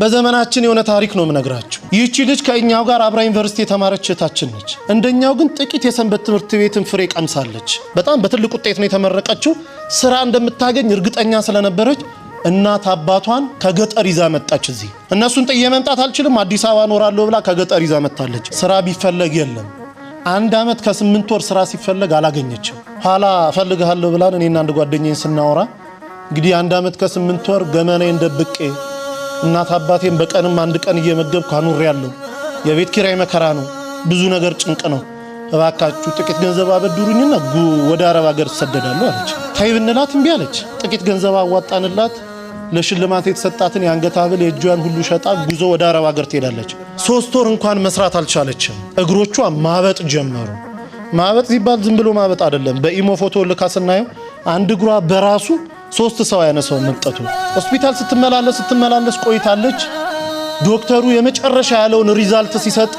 በዘመናችን የሆነ ታሪክ ነው የምነግራችሁ። ይህቺ ልጅ ከእኛው ጋር አብራ ዩኒቨርሲቲ የተማረች እህታችን ነች። እንደኛው ግን ጥቂት የሰንበት ትምህርት ቤትን ፍሬ ቀምሳለች። በጣም በትልቅ ውጤት ነው የተመረቀችው። ስራ እንደምታገኝ እርግጠኛ ስለነበረች እናት አባቷን ከገጠር ይዛ መጣች። እዚህ እነሱን ጥዬ መምጣት አልችልም፣ አዲስ አበባ እኖራለሁ ብላ ከገጠር ይዛ መጣለች። ስራ ቢፈለግ የለም። አንድ ዓመት ከስምንት ወር ስራ ሲፈለግ አላገኘችም። ኋላ እፈልግሃለሁ ብላን እኔና አንድ ጓደኛዬን ስናወራ እንግዲህ አንድ ዓመት ከስምንት ወር ገመናዬን ደብቄ እናት አባቴን በቀንም አንድ ቀን እየመገብኩ ያለው የቤት ኪራይ መከራ ነው፣ ብዙ ነገር ጭንቅ ነው። እባካችሁ ጥቂት ገንዘብ አበድሩኝና ወደ አረብ ሀገር ትሰደዳለሁ አለች። ተይ ብንላት እምቢ አለች። ጥቂት ገንዘብ አዋጣንላት። ለሽልማት የተሰጣትን የአንገት ሀብል የእጇን ሁሉ ሸጣ ጉዞ ወደ አረብ ሀገር ትሄዳለች። ሶስት ወር እንኳን መስራት አልቻለችም። እግሮቿ ማበጥ ጀመሩ። ማበጥ ሲባል ዝም ብሎ ማበጥ አይደለም። በኢሞ ፎቶ ልካ ስናየው አንድ እግሯ በራሱ ሶስት ሰው ያነሰው መምጠቱ ሆስፒታል ስትመላለስ ስትመላለስ ቆይታለች። ዶክተሩ የመጨረሻ ያለውን ሪዛልት ሲሰጥ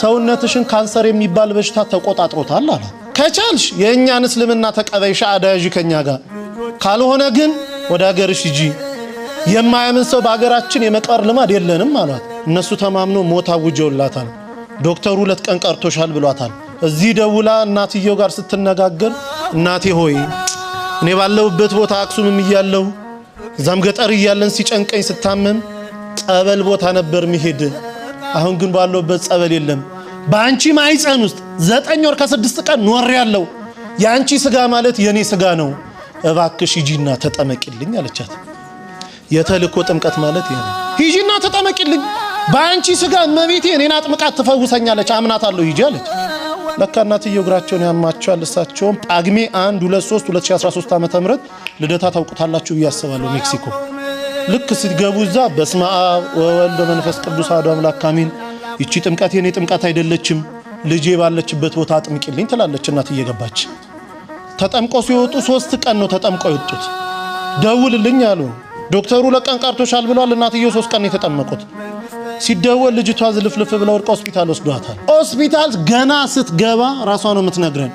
ሰውነትሽን ካንሰር የሚባል በሽታ ተቆጣጥሮታል አለ። ከቻልሽ የእኛን እስልምና ተቀበይሽ አዳያዥ ከኛ ጋር ካልሆነ ግን ወደ ሀገርሽ ሂጂ። የማያምን ሰው በሀገራችን የመቀር ልማድ የለንም አሏት። እነሱ ተማምኖ ሞት አውጀውላታል። ዶክተሩ ሁለት ቀን ቀርቶሻል ብሏታል። እዚህ ደውላ እናትየው ጋር ስትነጋገር እናቴ ሆይ እኔ ባለሁበት ቦታ አክሱምም እያለሁ እዛም ገጠር እያለን ሲጨንቀኝ ስታመም ጸበል ቦታ ነበር መሄድ። አሁን ግን ባለሁበት ጸበል የለም። በአንቺ ማይፀን ውስጥ ዘጠኝ ወር ከስድስት ቀን ኖር ያለው የአንቺ ስጋ ማለት የኔ ስጋ ነው፣ እባክሽ ሂጂና ተጠመቂልኝ አለቻት። የተልእኮ ጥምቀት ማለት ይሄ ነው። ሂጂና ተጠመቂልኝ፣ በአንቺ ስጋ እመቤቴ እኔን አጥምቃት ትፈውሰኛለች፣ አምናታለሁ፣ ሂጂ አለች። ለካ እናትየው እግራቸውን ያማቸዋል። እሳቸውም ጳጉሜ 1 23 2013 ዓ.ም ልደታ ታውቁታላችሁ ብዬ አስባለሁ። ሜክሲኮ ልክ ስትገቡ እዛ በስመ አብ ወወልድ ወመንፈስ ቅዱስ አሐዱ አምላክ አሜን። ይቺ ጥምቀት የኔ ጥምቀት አይደለችም፣ ልጄ ባለችበት ቦታ አጥምቂልኝ ትላለች እናትየ እየገባች። ተጠምቀው ሲወጡ ሶስት ቀን ነው ተጠምቀው የወጡት። ደውልልኝ አሉ ዶክተሩ። ለቀን ቀርቶሻል ብለዋል። እናትየው ሶስት ቀን የተጠመቁት ሲደወል ልጅቷ ዝልፍልፍ ብለ ወድቀ ሆስፒታል ወስዷታል። ሆስፒታል ገና ስትገባ ራሷ ነው የምትነግረን።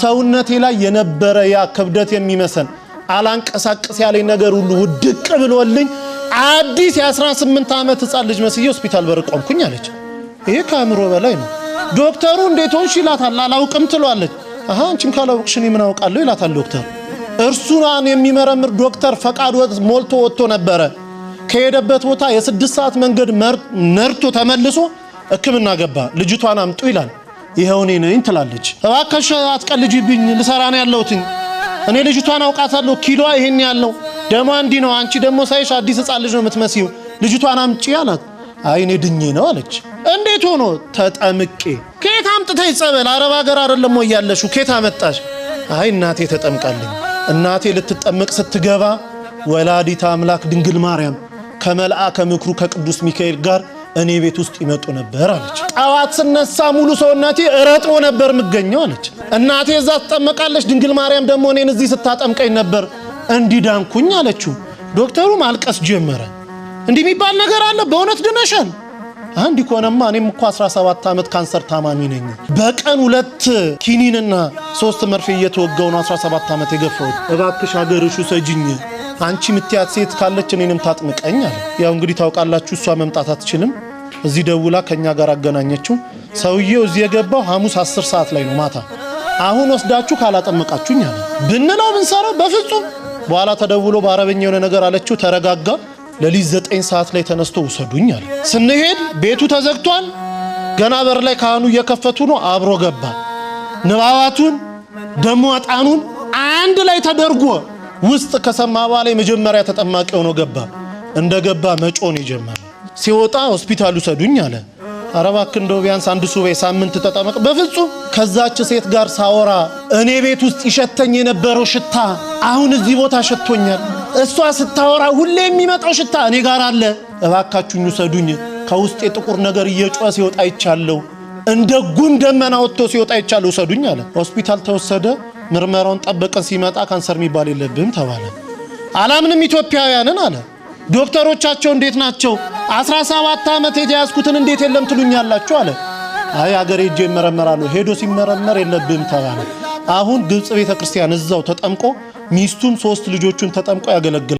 ሰውነቴ ላይ የነበረ ያ ክብደት የሚመሰል አላንቀሳቀስ ያለኝ ነገር ሁሉ ውድቅ ብሎልኝ አዲስ የ18 ዓመት ህፃን ልጅ መስዬ ሆስፒታል በር ቆምኩኝ አለች። ይሄ ከአእምሮ በላይ ነው። ዶክተሩ እንዴት ሆንሽ ይላታል። አላውቅም ትሏለች። አንቺም ካላውቅሽ እኔ ምን አውቃለሁ ይላታል ዶክተር። እርሱን የሚመረምር ዶክተር ፈቃድ ሞልቶ ወጥቶ ነበረ። ከሄደበት ቦታ የስድስት ሰዓት መንገድ ነርቶ ተመልሶ ሕክምና ገባ። ልጅቷን አምጡ ይላል። ይኸው እኔ ነኝ ትላለች። እባክሽ አትቀልጅብኝ፣ ልሰራ ነው ያለሁት። እኔ ልጅቷን አውቃታለሁ። ኪሎዋ ይሄን ያለው ደሟ እንዲህ ነው። አንቺ ደግሞ ሳይሽ አዲስ ሕፃን ልጅ ነው የምትመስይው። ልጅቷን አምጪ አላት። አይ እኔ ድኜ ነው አለች። እንዴት ሆኖ? ተጠምቄ። ከየት አምጥተሽ ጸበል? አረብ ሀገር አይደለም ወይ ያለሽው? ከየት አመጣሽ? አይ እናቴ ተጠምቃለኝ። እናቴ ልትጠምቅ ስትገባ ወላዲታ አምላክ ድንግል ማርያም ከመልአ ከምክሩ ከቅዱስ ሚካኤል ጋር እኔ ቤት ውስጥ ይመጡ ነበር አለች። ጠዋት ስነሳ ሙሉ ሰውነቴ ረጥቦ ነበር የምገኘው አለች። እናቴ እዛ ትጠመቃለች፣ ድንግል ማርያም ደግሞ እኔን እዚህ ስታጠምቀኝ ነበር እንዲዳንኩኝ አለችው። ዶክተሩ ማልቀስ ጀመረ። እንዲህ የሚባል ነገር አለ? በእውነት ድነሸን? አንድ ኮነማ እኔም እኮ 17 ዓመት ካንሰር ታማሚ ነኝ። በቀን ሁለት ኪኒንና ሶስት መርፌ እየተወጋው ነው 17 ዓመት የገፋሁት። እባክሽ ሀገርሽ ሰጅኝ አንቺ ምትያት ሴት ካለች እኔንም ታጥምቀኝ አለ። ያው እንግዲህ ታውቃላችሁ፣ እሷ መምጣት አትችልም። እዚህ ደውላ ከኛ ጋር አገናኘችው። ሰውዬው እዚህ የገባው ሐሙስ 10 ሰዓት ላይ ነው ማታ። አሁን ወስዳችሁ ካላጠመቃችሁኝ አለ። ብንለው ብንሰራው በፍጹም በኋላ ተደውሎ በአረበኛ የሆነ ነገር አለችው። ተረጋጋ። ለሊት 9 ሰዓት ላይ ተነስቶ ውሰዱኝ አለ። ስንሄድ ቤቱ ተዘግቷል። ገና በር ላይ ካህኑ እየከፈቱ ነው። አብሮ ገባ። ንባባቱን ደሞ ዕጣኑን አንድ ላይ ተደርጎ ውስጥ ከሰማ በኋላ የመጀመሪያ ተጠማቂ ሆኖ ገባ። እንደ ገባ መጮን የጀመረ ሲወጣ ሆስፒታል ውሰዱኝ አለ። ኧረ እባክህ እንደው ቢያንስ አንድ ሱባኤ ሳምንት ተጠመቅ። በፍጹም ከዛች ሴት ጋር ሳወራ እኔ ቤት ውስጥ ይሸተኝ የነበረው ሽታ አሁን እዚህ ቦታ ሸቶኛል። እሷ ስታወራ ሁሌ የሚመጣው ሽታ እኔ ጋር አለ። እባካችሁኝ ውሰዱኝ። ከውስጥ የጥቁር ነገር እየጮኸ ሲወጣ ይቻለው እንደ ጉም ደመና ወጥቶ ሲወጣ ይቻለው ውሰዱኝ አለ። ሆስፒታል ተወሰደ። ምርመራውን ጠብቀን ሲመጣ ካንሰር የሚባል የለብህም ተባለ። አላምንም ኢትዮጵያውያንን አለ ዶክተሮቻቸው እንዴት ናቸው? 17 ዓመት የተያዝኩትን እንዴት የለም ትሉኛላችሁ? አለ አይ አገር ሄጄ ይመረመራሉ ሄዶ ሲመረመር የለብህም ተባለ። አሁን ግብጽ ቤተ ክርስቲያን እዛው ተጠምቆ ሚስቱም ሶስት ልጆቹን ተጠምቆ ያገለግላል።